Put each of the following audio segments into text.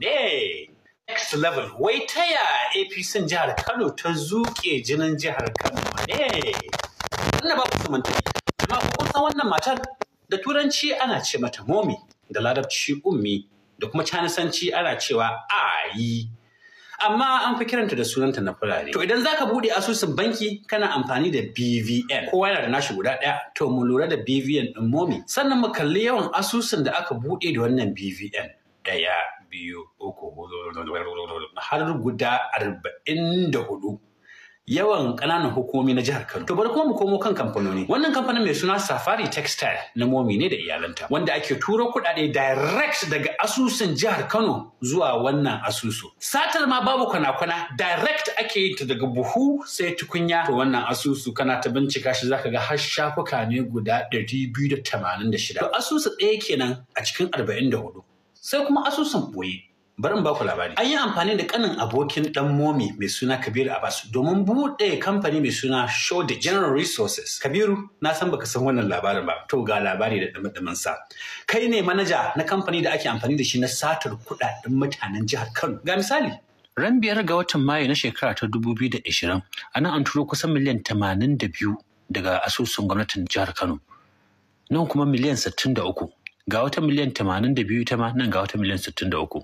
ne next level wai ta ya apc jihar kano ta zuke jinin jihar kano ne wannan ba su manta amma ku san wannan matar da turanci ana ce mata momi da larabci ummi da kuma canisanci ana cewa ayi amma an fi kiranta da sunanta na fulani. To idan zaka buɗe asusun banki kana amfani da BVN. Kowa yana da nashi guda ɗaya. To mu lura da BVN ɗin momi. Sannan mu kalli yawan asusun da aka buɗe da wannan BVN. Ɗaya, biyu uku har guda arba'in da hudu yawan ƙananan hukumi na jihar Kano. To bari kuma mu komo kan kamfanoni. Wannan kamfanin mai suna Safari Textile na momi ne da iyalanta wanda ake turo kuɗaɗe direct daga asusun jihar Kano zuwa wannan asusu. Satar ma babu kwana-kwana direct ake yi ta daga buhu sai tukunya to wannan asusu kana ta bincika shi zaka ga har shafuka ne guda shida. To asusu ɗaya kenan a cikin hudu. sai kuma asusun boye bari ba ku labari an yi amfani da kanin abokin dan momi mai suna kabiru abbas domin buɗe kamfani mai suna show the general resources kabiru na san baka san wannan labarin ba to ga labari da dumi sa kai ne manaja na kamfani da ake amfani da shi na satar kuɗaɗen mutanen jihar kano ga misali ran biyar ga watan mayu na shekara ta 2020 ana an turo kusan miliyan 82 daga asusun gwamnatin jihar kano nan kuma miliyan uku. ga wata miliyan tamanin da biyu ta ma nan ga wata miliyan sittin da uku,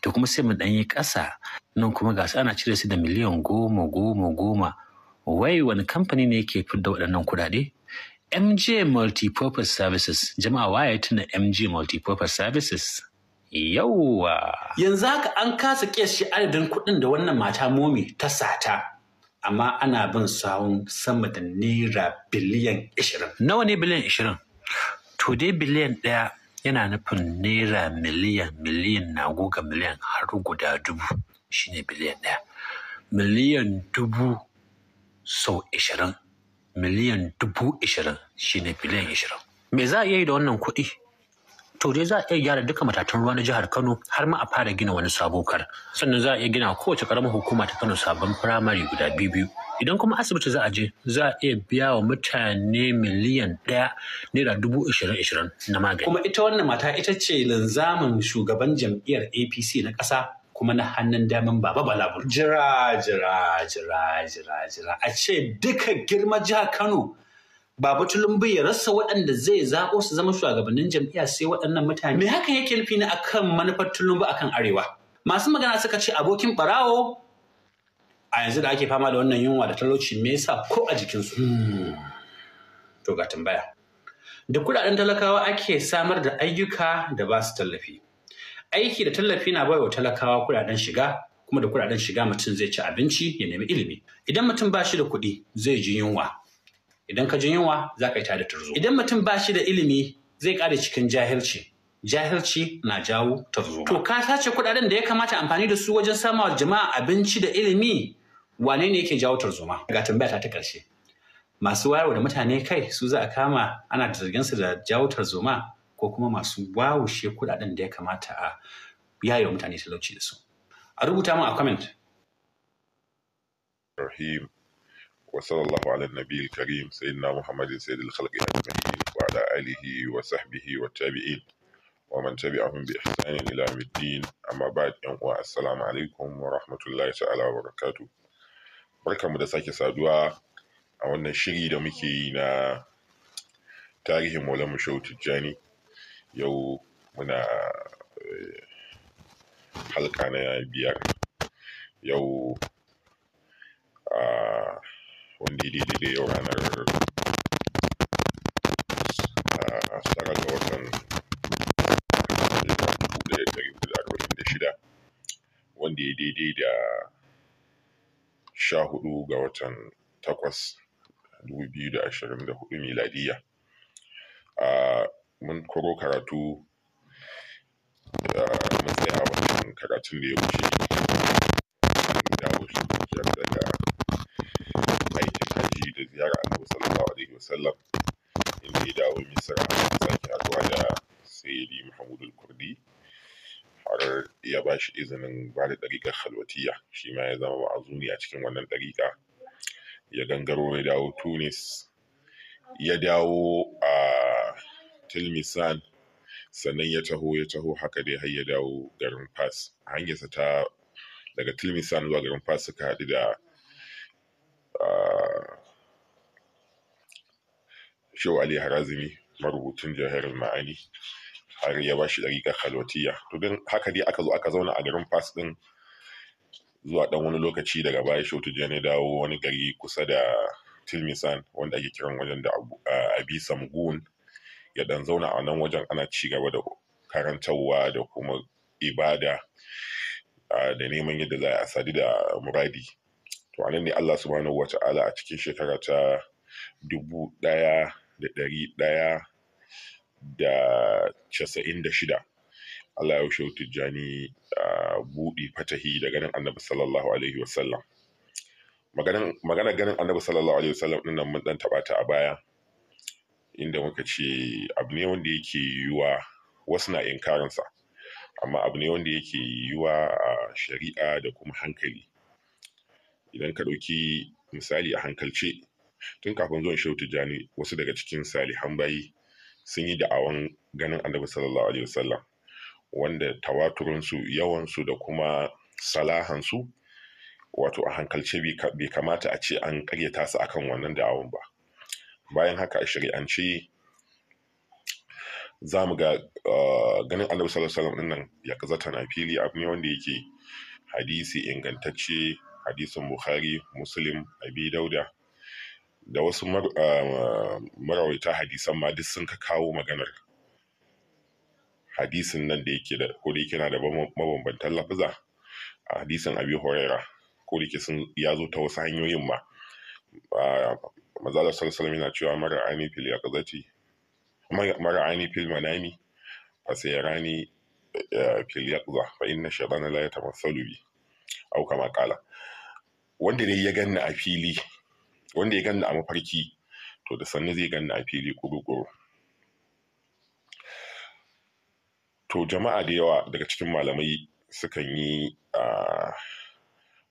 to kuma sai mu dan yi ƙasa nan kuma ga ana cire su da miliyan goma goma goma wai wani kamfani ne yake da waɗannan kuɗaɗe MJ Multipurpose Services jama'a waye tuna MJ Multipurpose Services yauwa yanzu haka an kasa shi adadin kuɗin da wannan mata momi ta sata amma ana bin sawun sama da naira biliyan 20. Nawa ne biliyan 20? to dai biliyan ɗaya yana nufin naira miliyan miliyan na goga miliyan har guda dubu shine biliyan ɗaya miliyan dubu sau ashirin miliyan dubu ashirin shine biliyan ashirin me za a iya yi da wannan kuɗi to dai za a iya gyara duka matatan ruwa na jihar Kano har ma a fara gina wani sabo kar sannan za a iya gina kowace karamar hukuma ta Kano sabon firamare guda biyu biyu idan kuma asibiti za a je za a iya biya wa mutane miliyan ɗaya naira dubu ishirin ishirin na magani. Kuma ita wannan mata ita ce linzamin shugaban jam'iyyar APC na ƙasa kuma na hannun damin baba balabur. Jira jira jira jira jira a ce duka girma jihar Kano Baba Tulumbu ya rasa waɗanda zai zaɓo su zama shugabannin jam'iyya sai waɗannan mutane. Me hakan yake nufi a akan manufar Tulumbu akan Arewa? Masu magana suka ce abokin ɓarawo a yanzu da ake fama da wannan yunwa da talauci me yasa ko a jikinsu. Hmm. To ga tambaya. Da kuɗaɗen talakawa ake samar da ayyuka da ba su tallafi. Aiki da tallafi na wa talakawa kuɗaɗen shiga kuma da kuɗaɗen shiga mutum zai ci abinci ya nemi ilimi. Idan mutum ba shi da kuɗi zai ji yunwa idan ka jin yunwa za ka yi tare da tarzo idan mutum ba shi da ilimi zai kare cikin jahilci jahilci na jawo tarzo to ka sace kuɗaɗen da ya kamata amfani da su wajen samawa jama'a abinci da ilimi wane ne yake jawo tarzoma ga tambaya ta ƙarshe masu wayarwa da mutane kai su za a kama ana zargin su da jawo tarzoma ko kuma masu wawushe kuɗaɗen da ya kamata a yayewa mutane talauci da su a rubuta mu a comment Rahim. وصلى الله على النبي الكريم سيدنا محمد سيد الخلق أجمعين وعلى آله وصحبه والتابعين ومن تبعهم بإحسان إلى يوم الدين أما بعد السلام عليكم ورحمة الله تعالى وبركاته barkanmu da sake saduwa a wannan shiri da muke yi na tarihin Maulana Shehu Tijjani yau muna halka na biyar yau uh, wanda ya daidai da yau ranar tara ga watan dubu ɗaya ɗari hudu da arba'in da shida wanda ya daidai da sha hudu ga watan takwas dubu biyu da ashirin da hudu miladiya uh, mun koro karatu uh, mun tsaya a wannan karatun da ya wuce daga ziyara annabi sallallahu alaihi wasallam inda ya dawo misira sake haɗuwa da sayyidi mahmud kurdi har ya ba shi izinin ba da ɗariƙar halwatiya shi ma ya zama ne a cikin wannan ɗariƙa ya gangaro ya dawo tunis ya dawo a tilmisan sannan ya taho ya taho haka dai har ya dawo garin fas hanyarsa ta daga tilmisan zuwa garin fas suka haɗu da ah, Shehu Ali Harazimi marubucin Jawahirul Ma'ani har ya bashi dariƙar halwatiya to don haka dai aka zo aka zauna a garin Fas ɗin zuwa ɗan wani lokaci daga baya Shehu Tijjani dawo wani gari kusa da Tilmisan wanda ake kiran wajen da Abi Samgun ya dan zauna a nan wajen ana ci gaba da karantarwa da kuma ibada da neman yadda za a sadu da muradi to anan ne Allah subhanahu ta'ala a cikin shekara ta dubu ɗaya da ɗari ɗaya da casa'in da shida Allah ya wuce tijjani a buɗe fatahi da ganin annabi sallallahu alaihi wasallam maganar ganin annabi sallallahu alaihi wasallam ɗin nan mun ɗan taɓa ta a baya inda muka ce abu ne wanda yake yiwuwa wasu na inkarinsa amma abu ne wanda yake yiwuwa a shari'a da kuma hankali idan ka ɗauki misali a hankalce tun kafin zuwan shehu tijjani wasu daga cikin salihan bayi sun yi da'awan ganin annabi sallallahu alaihi wasallam wanda tawaturinsu yawansu da kuma salahansu wato a hankalce bai kamata a ce an karyata su akan wannan da'awan ba bayan haka a shari'ance za mu ga ah, ganin annabi sallallahu alaihi wasallam ya kazata na fili abu ne wanda yake hadisi ingantacce hadisin bukhari muslim abi dauda da wasu ah, marawaita hadisan ma duk sun ka kawo maganar hadisin nan da yake da ko da yake na da mabambantan lafiza? a hadisin abi horaira ko da yake sun ya zo ta wasu hanyoyin ma mazalar sallallahu yana cewa mara aini fil ya kazaci mara aini fil manami fa sai ya rani eh, fil ya kaza fa inna shaytana la yatamassalu bi au kama kala wanda dai ya ganni a fili wanda ya ganda a mafarki to da sannu zai ganda a fili kuru-kuru to jama'a da yawa daga cikin malamai sukan yi a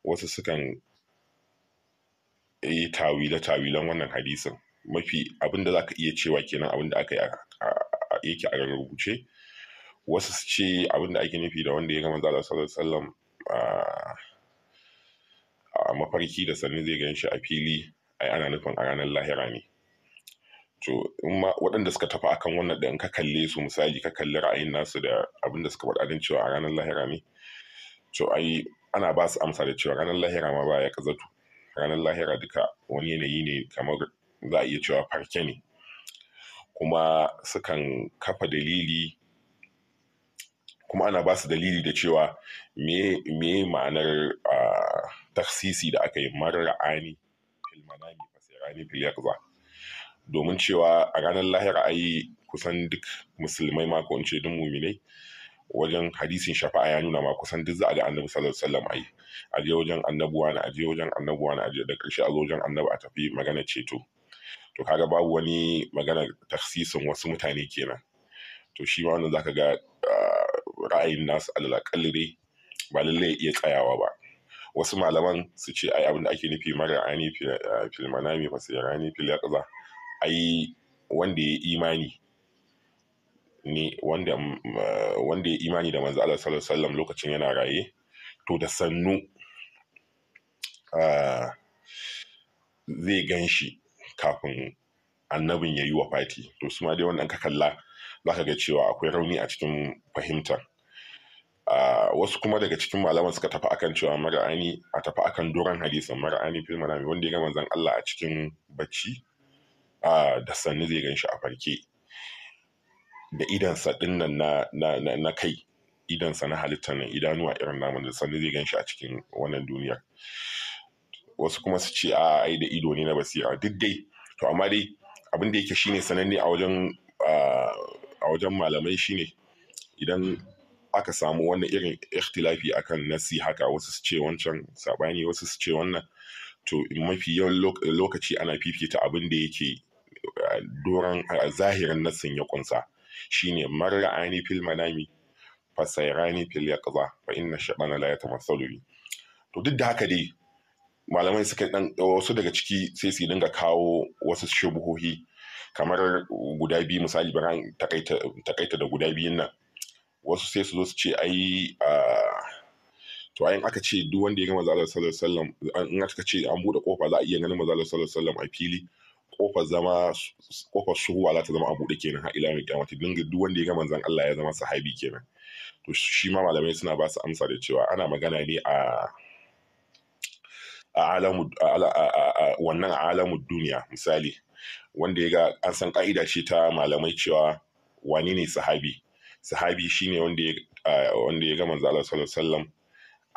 wasu sukan yi tawile-tawilen wannan hadisin mafi abinda za ka iya cewa kenan abinda aka yi yake a rubuce wasu su ce abinda ake nufi da wanda ya gama zala sallallahu a mafarki da sannu zai ganshi a fili ai ana nufin a ranar lahira ne to in ma waɗanda suka tafi akan wannan da ka kalle su misali ka kalli ra'ayin nasu da abin da suka faɗa din cewa a ranar lahira ne to ai ana ba su amsa da cewa ranar lahira ma ba ya kazatu ranar lahira duka wani yanayi ne kamar za a iya cewa farke ne kuma sukan kafa dalili kuma ana ba su dalili da cewa me ma'anar ah, tafsisi da aka yi marar ra'ani fil manami fasirani fil yaqza domin cewa a ranar lahira ai kusan duk musulmai ma ko in ce duk muminai wajen hadisin shafa'a ya nuna ma kusan duk za a ga annabi sallallahu alaihi wasallam ai a je wajen annabuwa na a je wajen annabuwa na a je da karshe a zo wajen annabi a tafi magana ceto to kaga babu wani magana taksisin wasu mutane kenan to shi ma wannan zaka ga ah, ra'ayin nasu alalakalli dai ba lallai iya tsayawa ba wasu malaman su ce ai abin da ake nufi mara ani eh, fil manami fasirani fil ai wanda ya imani ne wanda mm, eh, wanda ya imani da manzo Allah sallallahu alaihi lokacin yana raye to da sannu eh, zai gan shi kafin annabin ya yi wa fati to su ma dai wannan ka kalla za ka ga cewa akwai rauni a cikin fahimtar Ah, wasu kuma daga cikin malaman suka tafi akan cewa mara'ani a tafi akan doron hadisin mara'ani fil manami wanda ya gama zan Allah a cikin bacci ah, da sannu zai gan shi a farke da idansa din nan na kai idansa na halittar nan idanuwa irin namun da sannu zai gan shi a cikin wannan duniyar wasu kuma su ce a ai da ido ne na basira duk dai to amma dai abin da yake shine sananne a wajen ah, a wajen malamai shine idan aka samu wannan irin ikhtilafi akan nasi haka wasu su ce wancan sabani wasu su ce wannan to mafi yawan lokaci ana fifita abin da yake eh, doron zahirin nasin ya kunsa shine marra'ani fil manami fasairani fil yaqza fa inna shaytana la yatamathalu to duk da haka dai malamai suka dan wasu daga ciki sai su dinga kawo wasu shubuhohi kamar guda biyu misali ta takaita da guda biyun nan wasu sai su zo su ce ai to ayin aka ce duk wanda ya ga manzo sallar sallar sallar, in aka ce an bude kofa za a iya ganin mazalar sallar sallar a fili kofar zama kofar suhuwa za ta zama a buɗe kenan ha ila mai kiyamati dinga duk wanda ya ga zan Allah ya zama sahabi kenan to shi ma malamai suna ba su amsa da cewa ana magana ne a wannan alamu duniya misali wanda ya ga an san ka'ida ce ta malamai cewa wani ne sahabi sahabi shine wanda ya wanda ya ga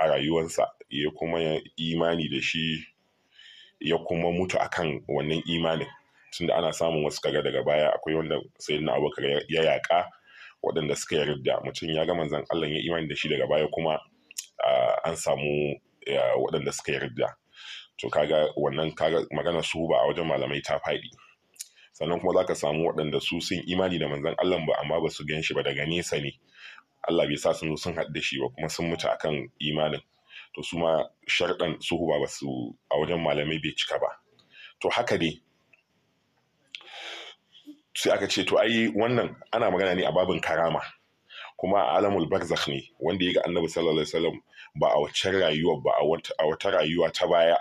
a rayuwarsa ya kuma imani da shi ya kuma mutu a kan wannan imanin tunda ana samun wasu kaga daga baya akwai wanda na Abubakar ya yaka waɗanda suka yarda mutum ya ga zan Allah ya imani da shi daga baya kuma an samu waɗanda suka yarda to kaga wannan kaga magana su ba a wajen malamai ta faɗi sannan kuma za ka samu waɗanda su sun imani da manzon Allah ba amma ba su gan shi ba daga nesa ne Allah bai sa sun sun haɗu da shi ba kuma sun mutu akan imanin to su ma sharɗan su ba su a wajen malamai bai cika ba to haka ne sai aka ce to ai wannan ana magana ne a babin karama kuma a alamul barzakh ne wanda ya ga annabi sallallahu alaihi wasallam ba a waccan rayuwa ba a wata rayuwa ta baya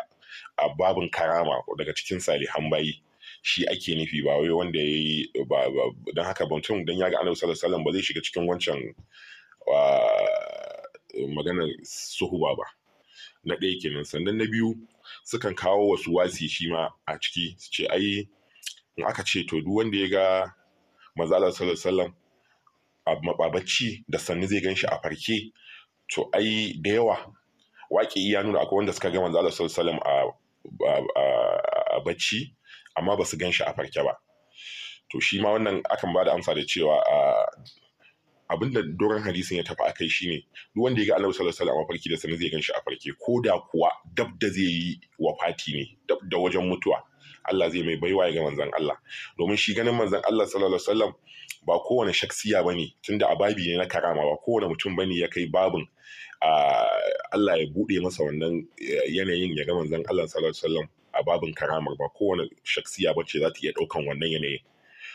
a babin karama daga cikin salihan bayi shi ake nufi ba wai wanda ya yi ba don haka mutum don ya ga annabi sallallahu alaihi ba zai shiga cikin wancan maganar suhuba ba na ɗaya kenan sannan na biyu sukan kawo wasu wasi shi ma a ciki su ce ai in aka ce to duk wanda ya ga manzo Allah sallallahu alaihi da sannu zai gan shi a farke to ai da yawa wake iya nuna akwai wanda suka ga manzo Allah sallallahu alaihi a bacci amma ba su gan shi a farke ba to shi ma wannan akan ba da amsa da cewa abin doron hadisin ya tafi a akai shine duk wanda ya ga Allah sallallahu alaihi wasallam a farki da sanin zai ganshi a farke ko da kuwa dab da zai yi wafati ne dab da wajen mutuwa Allah zai mai baiwa ya ga manzon Allah domin shi ganin manzon Allah sallallahu alaihi wasallam ba kowane shaksiya bane tunda a babi ne na karama ba kowane mutum bane ya kai babin Allah ya bude masa wannan eh, yanayin ya ga manzon Allah sallallahu alaihi wasallam a babin karamar ba kowane shaksiya bace za ta iya ɗaukan wannan yanayin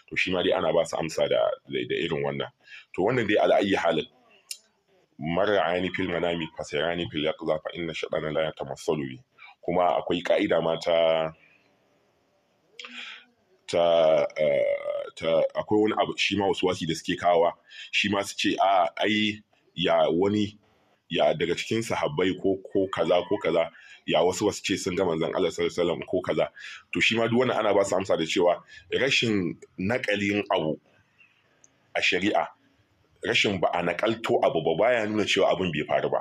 to shi ma dai ana ba su amsa da irin wannan to wannan dai ayi halin mara ayani fil manami fasirani fil yaqza fa inna shaytana la yatamassalu bi kuma akwai ka'ida ma ta ta eh, ta akwai wani abu shi ma wasu wasi da suke kawa shi ma su ce a ai ya wani ya daga cikin sahabbai ko ko kaza ko kaza ya wasu wasu ce sun ga manzon Allah sallallahu alaihi wasallam ko kaza to shi ma duk wannan ana ba su amsa da cewa rashin nakalin abu a shari'a rashin ba a nakalto abu ba baya nuna cewa abin bai faru ba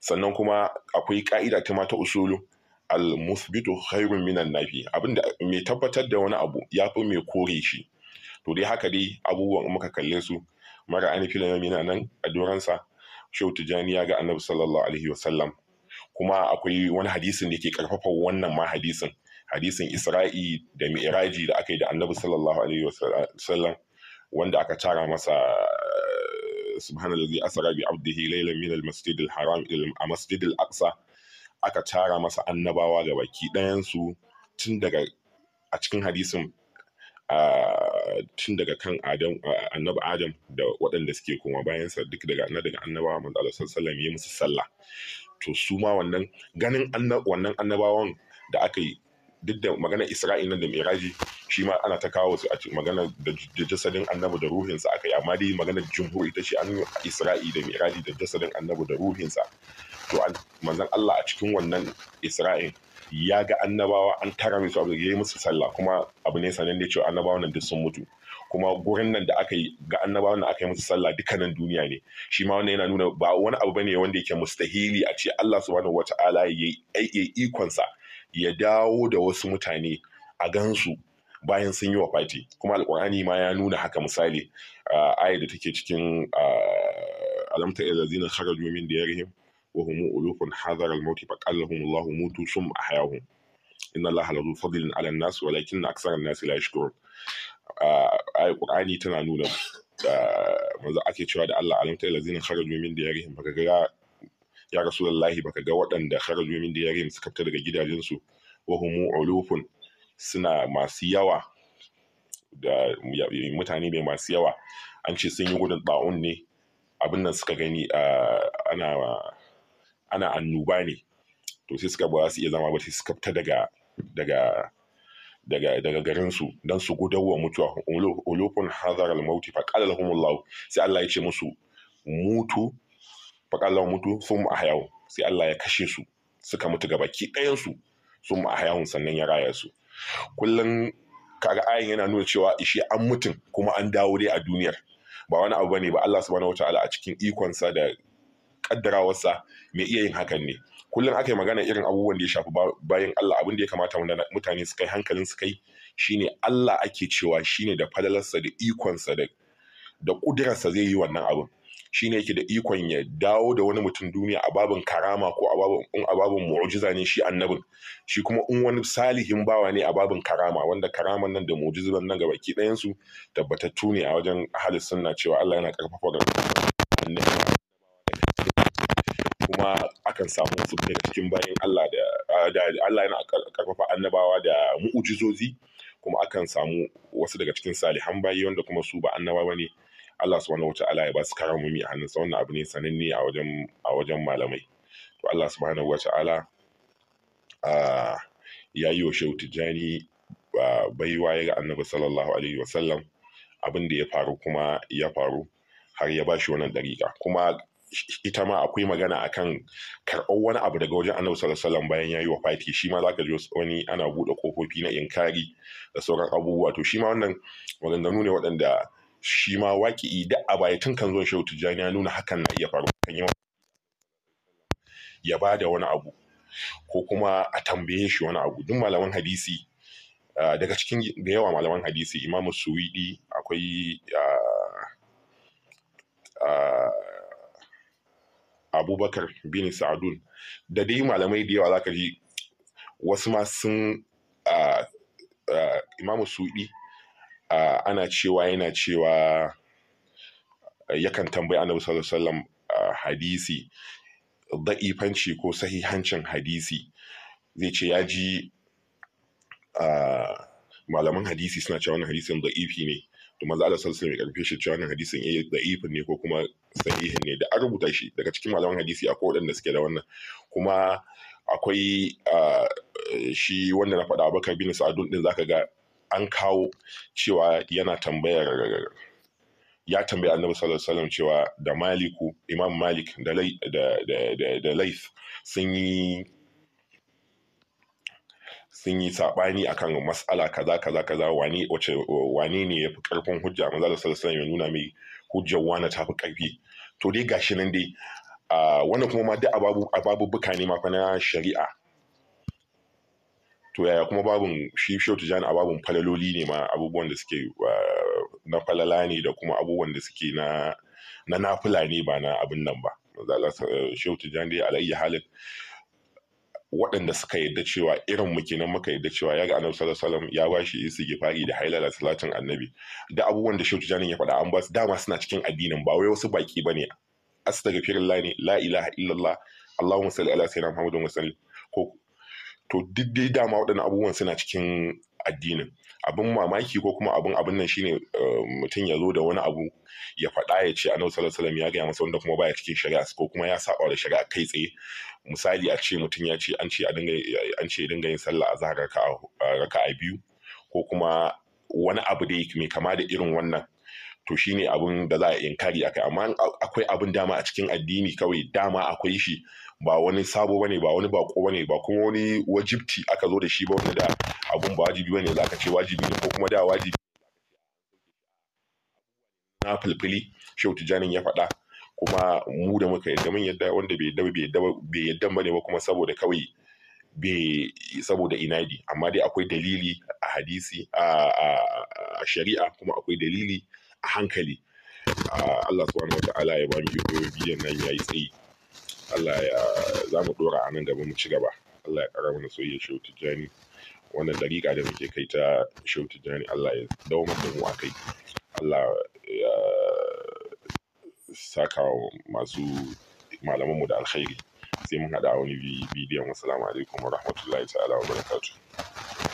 sannan kuma akwai ka'ida ta mata usulu al musbitu khairun minan nafi abinda mai tabbatar da wani abu ya fi mai kore shi to dai haka dai abubuwan muka kalle su mara ainihin filayen nan a doransa shehu tijjani ya ga annabi sallallahu alaihi wasallam kuma akwai wani hadisin da ke karfafa wannan ma hadisin hadisin isra'i da mi'raji da aka yi da annabi sallallahu alaihi wasallam wanda aka tara masa subhanallazi asra bi abdihi laylan min al-masjid al-haram ila al-masjid al-aqsa aka tara masa annabawa ga baki ɗayan su tun daga a cikin hadisin tun daga kan adam annabi adam da waɗanda suke kuma bayansa duk daga annabawa manzo sallallahu alaihi wasallam ya musu sallah to su ma wannan ganin wannan annabawan da aka yi duk da magana isra'il da miraji shi ma ana ta kawo su a magana da jasadin annabi da ruhinsa aka yi amma dai maganar jumhur ita ce an yi isra'i da miraji da jasadin annabi da ruhinsa to manzon Allah a cikin wannan Isra'il ya ga annabawa an tara su abu ya yi musu sallah kuma abu ne sanan da cewa annabawan nan duk sun mutu kuma gurin nan da aka yi ga annabawan da aka yi musu sallah dukkanin duniya ne shi ma wannan yana nuna ba wani abu bane wanda yake mustahili a ce Allah subhanahu wata'ala ya yi ikonsa ya dawo da wasu mutane a gansu bayan sun yi wa fati kuma alkur'ani ma ya nuna haka misali ayar da take cikin alamta ilazina kharaju min diyarihim wa hum ulufun hadar al-maut fa qallahum Allah mutu sum ahyahum inna Allah la fadlin 'ala an-nas walakinna akthara an-nas la yashkurun ƙur'ani tana nuna manzo ake cewa da Allah alam tayla zinin kharaju min diyarihim baka ga ya rasulullahi baka ga waɗanda kharaju min diyarihim suka fita daga gidajensu wa humu ulufun suna masu yawa da mutane mai masu yawa an ce sun yi gudun ɗa'un ne abin nan suka gani ana ana annuba ne to sai suka ba su iya zama ba sai suka fita daga daga daga daga garin su dan su gudawa mutuwa ulufun hazar al-maut fa qala lahum Allah sai Allah ya ce musu mutu fa qala mutu sun ahyau sai Allah ya kashe su suka mutu baki ɗayan su sun ahyau sannan ya raya su kullun kaga ayin yana nuna cewa ishe an mutun kuma an dawo dai a duniyar ba wani abu bane ba Allah subhanahu wataala a cikin ikonsa da kaddarawarsa mai iya yin hakan ne kullum aka yi magana irin abubuwan da ya shafi bayan Allah abin da ya kamata mutane su kai hankalin su kai shine Allah ake cewa shine da falalarsa da ikonsa da da zai yi wannan abin shine yake da ikon ya dawo da wani mutum duniya a babin karama ko a babin in a babin mu'jiza ne shi annabin shi kuma in wani salihin bawa ne a babin karama wanda karaman nan da mu'jizan nan gaba ɗayan su tabbatattu ne a wajen ahlus sunna cewa Allah yana karfafa ga annabi akan samu wasu daga cikin bayan Allah da Allah yana karfafa annabawa da mu'ujizozi kuma akan samu wasu daga cikin salihan bayi wanda kuma su ba annabawa ne Allah subhanahu wata'ala ya ba su karamumi a hannunsa wannan abu ne sananne a wajen a wajen malamai to Allah subhanahu wata'ala ya yi wa Shehu Tijjani baiwa ya ga Annabi sallallahu alaihi wasallam abin da ya faru kuma ya faru har ya ba shi wannan dariƙa kuma ita ma akwai magana akan karɓar wani abu daga wajen annabi sallallahu alaihi wasallam bayan yayi fati shi ma zaka ji wani ana buɗe kofofi na inkari da sauran abubuwa to shi ma wannan maganganu ne waɗanda shi ma waki, da a baya tun kan zuwan shehu tijjani ya nuna hakan na iya faru kan yi ya ba da wani abu ko kuma a tambaye shi wani abu duk malaman hadisi ah, daga cikin da yawa malaman hadisi imamu suwidi akwai ah, abubakar bin sa'adun da dai malamai da yawa zaka ji wasu ma sun imamu suɗi ana cewa yana cewa yakan tambayi annabi sallallahu alaihi wasallam hadisi da'ifanci ko sahihancin hadisi zai ce ya ji malaman hadisi suna cewa wani hadisin da'ifi ne to manzo Allah sallallahu alaihi wasallam ya shi cewa wannan hadisin eh da'ifin ne ko kuma sahihin ne da an rubuta shi daga cikin malaman hadisi akwai waɗanda suke da wannan kuma akwai shi wanda na faɗa Abubakar bin Sa'adun din zaka ga an kawo cewa yana tambayar ya tambaya annabi sallallahu alaihi wasallam cewa da maliku imam malik da da da, da, laif sun yi sun yi saɓani akan mas'ala kaza kaza kaza wane wace wane ne yafi karfin hujja maza da sallallahu ya nuna mai hujjar wani ta fi karfi to dai gashi nan dai wannan kuma ma duk ababu buka ne ma fa na shari'a to yaya kuma babun shi shehu tijani ababun falaloli ne ma abubuwan da suke na falala ne da kuma abubuwan da suke na na nafila ne ba na abin nan ba shehu tijani dai alayyi halin waɗanda suka yadda cewa irin mu kenan muka yadda cewa ya ga annabi sallallahu alaihi wasallam ya bashi gifari da hailala salatin annabi da abubuwan da Shehu Janin ya faɗa an ba su dama suna cikin addinin ba wai wasu baki bane astaghfirullah ne la ilaha illallah Allahumma salli ala sayyidina Muhammadin wa ko to duk dai dama waɗannan abubuwan suna cikin addinin abin mamaki ko kuma abin abin nan shine eh, mutum ya zo da wani abu ya faɗa ya ce annabi sallallahu alaihi ya gaya masa wanda kuma baya cikin shari'a ko kuma ya saba da shari'a kai tsaye misali a ce mutum ya ce an ce a dinga an ce dinga yin sallah a zahar a biyu ko kuma wani abu da mai kama da irin wannan to shine abin da za a inkari akai amma akwai abin dama a cikin addini kawai dama akwai shi ba wani sabo bane ba wani bako bane ba kuma wani wajibti aka zo da shi ba wanda da abun ba wajibi bane zaka ce wajibi ne ko kuma da wajibi na filfili shehu tijjanin ya faɗa kuma mu da muka yadda mun yadda wanda bai yadda bai yadda bai yadda bane ba kuma saboda kawai bai saboda inadi amma dai akwai dalili a hadisi a shari'a kuma akwai dalili a hankali Allah subhanahu wata'ala ya ba mu iko bidiyon nan yayi tsayi Allah ya za mu dora a nan gaba mu ci gaba Allah ya kara mana soyayya shehu Jani. wannan dariƙa da muke kai ta shehu tijjani Allah ya dawo da mu a kai Allah ya saka masu mu da alkhairi sai mun haɗa a wani bidiyon assalamu alaikum warahmatullahi rahmatullahi ta'ala wa barakatuh